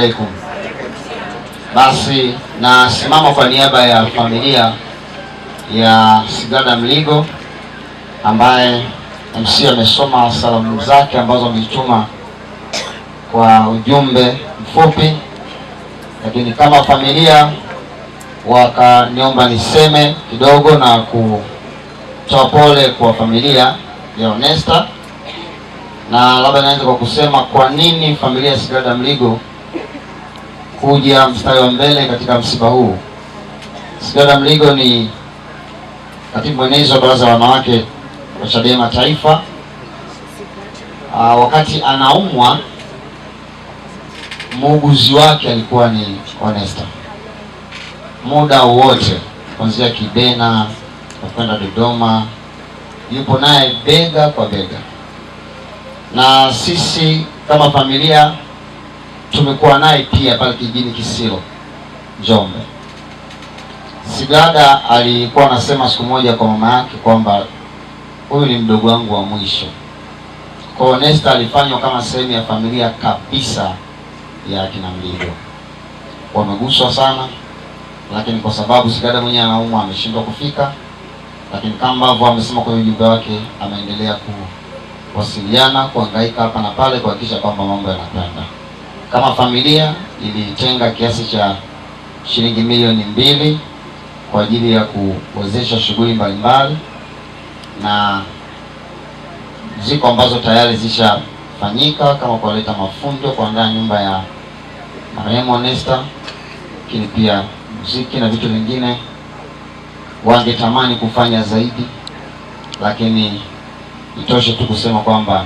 alaikum. Basi nasimama kwa niaba ya familia ya Sigrada Mligo ambaye MC amesoma salamu zake ambazo ameituma kwa ujumbe mfupi, lakini kama familia wakaniomba niseme kidogo na kutoa pole kwa familia ya Onesta, na labda naweza kwa kusema kwa nini familia ya Sigrada Mligo kuja mstari wa mbele katika msiba huu. Sigala Mligo ni katibu mwenezi wa baraza la wanawake wa Chadema Taifa. Aa, ah, wakati anaumwa muuguzi wake alikuwa ni Onesta, muda wote kuanzia Kibena kwenda Dodoma, yupo naye bega kwa bega, na sisi kama familia tumekuwa naye pia pale kijijini Kisiro, Njombe. Sigada alikuwa anasema siku moja kwa mama yake kwamba huyu ni mdogo wangu wa mwisho. Kwa hiyo Nesta alifanywa kama sehemu ya familia kabisa ya akina Mligo, wameguswa sana, lakini kwa sababu Sigada mwenyewe anaumwa ameshindwa kufika, lakini kama ambavyo amesema kwenye ujumbe wake, ameendelea kuwasiliana, kuhangaika hapa na pale, kuhakikisha kwamba mambo yanakwenda kama familia ilitenga kiasi cha shilingi milioni mbili kwa ajili ya kuwezesha shughuli mbalimbali, na ziko ambazo tayari zishafanyika kama kuwaleta mafundo, kuandaa nyumba ya marehemu Onesta, lakini pia muziki na vitu vingine. Wangetamani kufanya zaidi, lakini itoshe tu kusema kwamba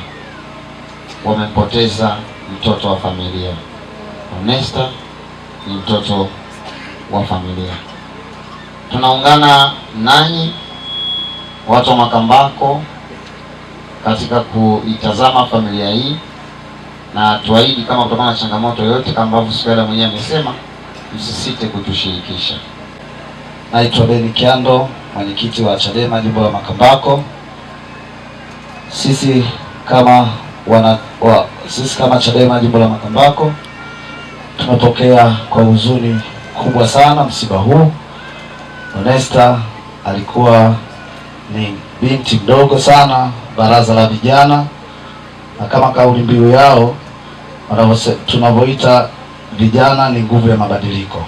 wamempoteza mtoto wa familia. Onesta ni mtoto wa familia. Tunaungana nanyi watu wa Makambako katika kuitazama familia hii, na tuahidi kama kutokana na changamoto yoyote, kama ambavyo Sukaila mwenyewe amesema, msisite kutushirikisha. Naitwa Beni Kiando, mwenyekiti wa Chadema jimbo la Makambako. Sisi kama wana, wa, sisi kama Chadema jimbo la Makambako tumepokea kwa huzuni kubwa sana msiba huu. Onesta alikuwa ni binti mdogo sana baraza la vijana, na kama kauli mbiu yao tunavyoita vijana ni nguvu ya mabadiliko.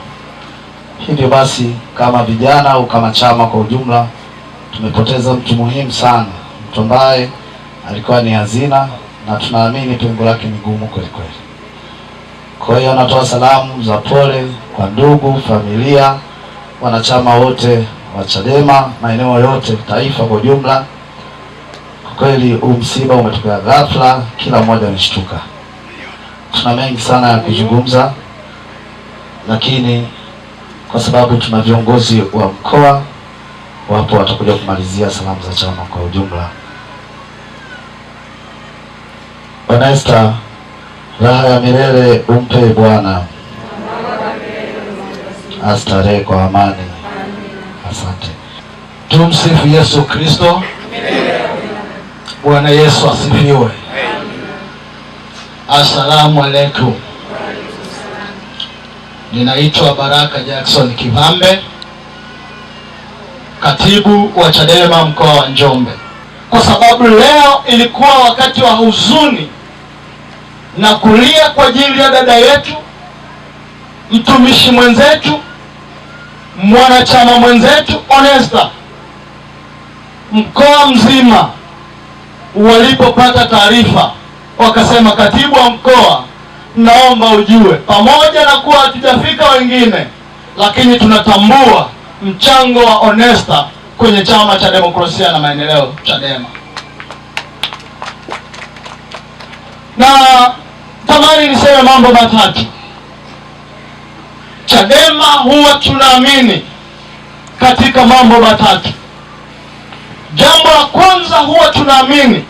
Hivyo basi, kama vijana au kama chama kwa ujumla, tumepoteza mtu muhimu sana, mtu ambaye alikuwa ni hazina na tunaamini pengo lake ni gumu kweli kweli. Kwa hiyo anatoa salamu za pole kwa ndugu, familia, wanachama wote wa Chadema maeneo yote, taifa kwa jumla. Kwa kweli huu msiba umetokea ghafla, kila mmoja ameshtuka. Tuna mengi sana ya kuzungumza, lakini kwa sababu tuna viongozi wa mkoa wapo watakuja kumalizia salamu za chama kwa ujumla. Bwana Esta, raha ya milele umpe Bwana, astarehe kwa amani. Asante. Tumsifu Yesu Kristo. Bwana Yesu asifiwe. Asalamu alaikum. Ninaitwa Baraka Jackson Kivambe, katibu wa Chadema mkoa wa Njombe. Kwa sababu leo ilikuwa wakati wa huzuni na kulia kwa ajili ya dada yetu, mtumishi mwenzetu, mwanachama mwenzetu Onesta, mkoa mzima walipopata taarifa wakasema, katibu wa mkoa, naomba ujue, pamoja na kuwa hatujafika wengine, lakini tunatambua mchango wa Onesta kwenye chama cha demokrasia na maendeleo, Chadema na tamani niseme mambo matatu. Chadema huwa tunaamini katika mambo matatu. Jambo la kwanza, huwa tunaamini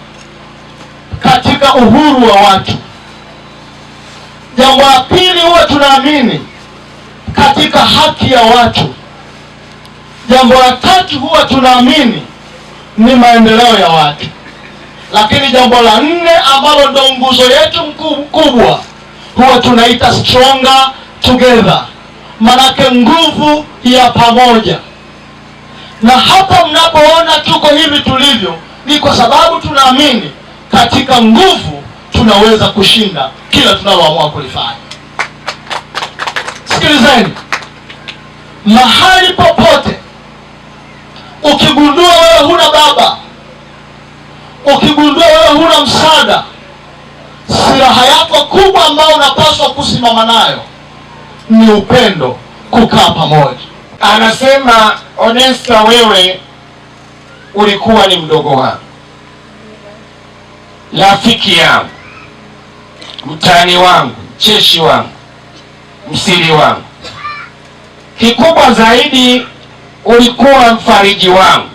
katika uhuru wa watu. Jambo la pili, huwa tunaamini katika haki ya watu. Jambo la tatu, huwa tunaamini ni maendeleo ya watu. Lakini jambo la nne ambalo ndo nguzo yetu mkubwa huwa tunaita stronger together, manake nguvu ya pamoja. Na hapa mnapoona tuko hivi tulivyo, ni kwa sababu tunaamini katika nguvu tunaweza kushinda kila tunaloamua kulifanya. Sikilizeni, mahali popote ukigundua wewe huna baba ukigundua wewe huna msaada, silaha yako kubwa ambayo unapaswa kusimama nayo ni upendo, kukaa pamoja. Anasema Onesta, wewe ulikuwa ni mdogo wangu, rafiki yangu, mtani wangu, cheshi wangu, msiri wangu, kikubwa zaidi ulikuwa mfariji wangu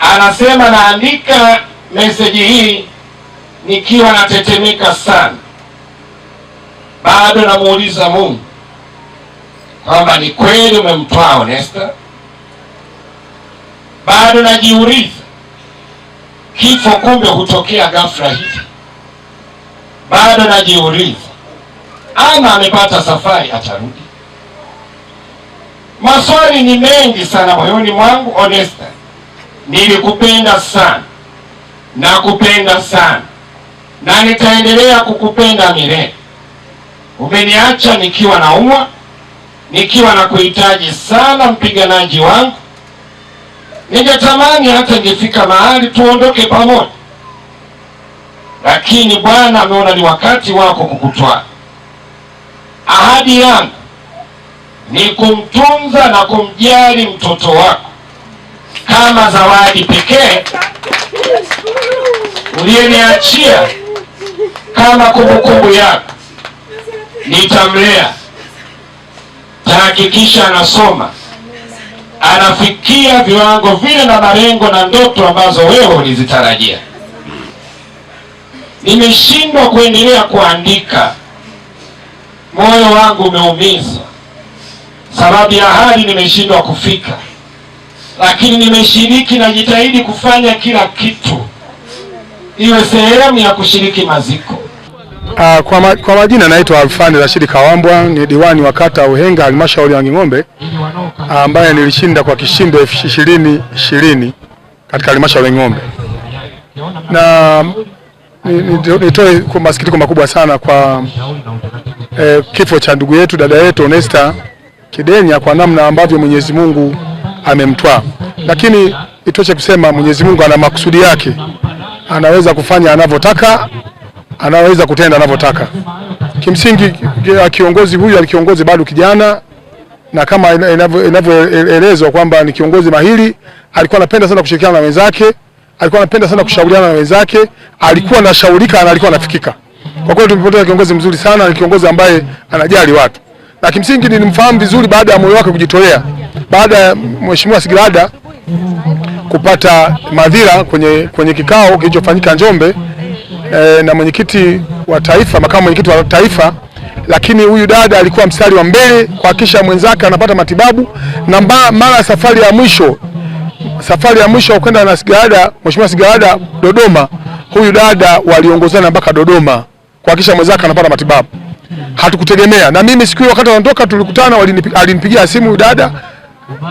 anasema naandika meseji hii nikiwa natetemeka sana, bado namuuliza Mungu kwamba ni kweli umemtwaa Onesta. Bado najiuliza kifo kumbe hutokea ghafla hivi. Bado najiuliza ama amepata safari atarudi. Maswali ni mengi sana moyoni mwangu Onesta nilikupenda sana, na kupenda sana na nitaendelea kukupenda milele. Umeniacha nikiwa na umwa nikiwa na kuhitaji sana, mpiganaji wangu. Ningetamani hata ingefika mahali tuondoke pamoja, lakini Bwana ameona ni wakati wako kukutwaa. Ahadi yangu ni kumtunza na kumjali mtoto wako kama zawadi pekee uliyeniachia kama kumbukumbu yako. Nitamlea, tahakikisha anasoma, anafikia viwango vile na malengo na ndoto ambazo wewe ulizitarajia. Nimeshindwa kuendelea kuandika, moyo wangu umeumizwa, sababu ya hali nimeshindwa kufika lakini nimeshiriki, jitahidi kufanya kila kitu iwe sehemu ya kushiriki maziko. Uh, kwa, ma, kwa majina naitwa Alfani Rashidi Kawambwa, ni diwani wa kata Uhenga, halmashauri ya Wanging'ombe, ah, ambaye nilishinda kwa kishindo elfu ishirini ishirini katika halmashauri ya Wanging'ombe, na nitoe kwa masikitiko makubwa sana kwa eh, kifo cha ndugu yetu dada yetu Onesta Kidenya, kwa namna ambavyo Mwenyezi Mungu amemtwaa. Lakini itoshe kusema Mwenyezi Mungu ana makusudi yake, anaweza kufanya anavyotaka, anaweza kutenda anavyotaka. Kimsingi kiongozi huyu alikiongozi bado kijana, na kama inavyoelezwa kwamba ni kiongozi mahiri. Alikuwa anapenda sana kushirikiana na wenzake, alikuwa anapenda sana kushauriana na wenzake, alikuwa anashaurika na alikuwa anafikika. Kwa kweli tumepoteza kiongozi mzuri sana, ni kiongozi ambaye anajali watu, na kimsingi nilimfahamu vizuri baada ya moyo wake kujitolea baada ya Mheshimiwa Sigrada kupata madhira kwenye, kwenye kikao kilichofanyika Njombe e, na mwenyekiti wa taifa, makamu mwenyekiti wa taifa, lakini huyu dada alikuwa mstari wa mbele kuhakikisha mwenzake anapata matibabu, na mara safari ya mwisho safari ya mwisho kwenda na Sigrada, Mheshimiwa Sigrada Dodoma, huyu dada waliongozana mpaka Dodoma kuhakikisha mwenzake anapata matibabu. Hatukutegemea, na mimi siku hiyo wakati anatoka tulikutana, alinipigia simu dada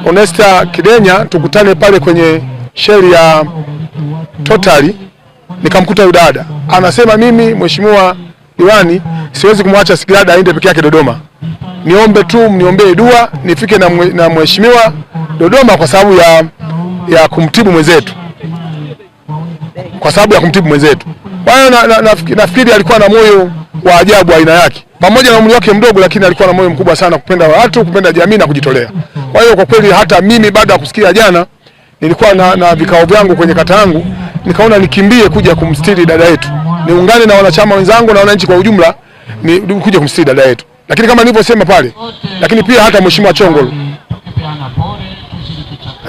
Onesta Kidenya, tukutane pale kwenye sheli ya Totali, nikamkuta yule dada anasema, mimi mheshimiwa diwani, siwezi kumwacha Sigrada aende peke yake Dodoma, niombe tu mniombee dua nifike na mheshimiwa Dodoma kwa sababu ya, ya kumtibu mwenzetu kwa sababu ya kumtibu mwenzetu. Kwa hiyo nafikiri na, na, na, na alikuwa na moyo wa ajabu aina yake pamoja na umri wake mdogo, lakini alikuwa na moyo mkubwa sana, kupenda watu, kupenda jamii na kujitolea. Kwa hiyo kwa kweli, hata mimi baada ya kusikia jana, nilikuwa na, na vikao vyangu kwenye kata yangu, nikaona nikimbie kuja kumstiri dada yetu, niungane na wanachama wenzangu na wananchi kwa ujumla, ni kuja kumstiri dada yetu, lakini kama nilivyosema pale, lakini pia hata mheshimiwa Chongolo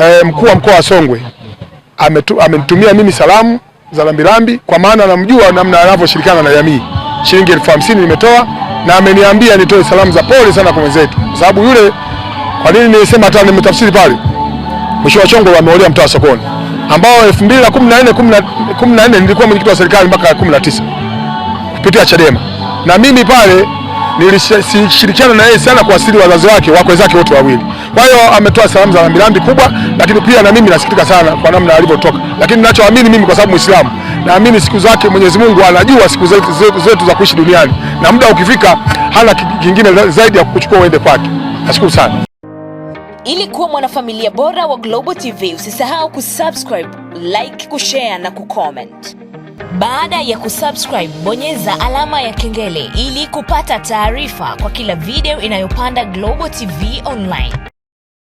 eh, mkuu wa mkoa wa Songwe amenitumia mimi salamu za rambirambi, kwa maana namjua namna anavyoshirikiana na jamii. Shilingi elfu hamsini nimetoa na ameniambia nitoe salamu za pole sana kwa wenzetu, kwa sababu yule, kwa nini nilisema hata nimetafsiri pale, mwisho wa chongo wameolea mtaa Sokoni ambao 2014 14 nilikuwa mwenyekiti wa serikali mpaka 19 kupitia Chadema, na mimi pale nilishirikiana na yeye sana kuasili wazazi wake wakwe zake wote wawili. Kwa hiyo ametoa salamu za rambirambi kubwa, lakini pia na mimi nasikitika sana kwa namna alivyotoka, lakini ninachoamini mimi kwa sababu Muislamu naamini siku zake Mwenyezi Mungu anajua siku zetu, zetu, zetu za kuishi duniani, na muda ukifika hana kingine zaidi ya kuchukua uende kwake. Nashukuru sana. Ili kuwa mwanafamilia bora wa Global TV, usisahau kusubscribe, like, kushare na kucomment. Baada ya kusubscribe, bonyeza alama ya kengele ili kupata taarifa kwa kila video inayopanda Global TV Online.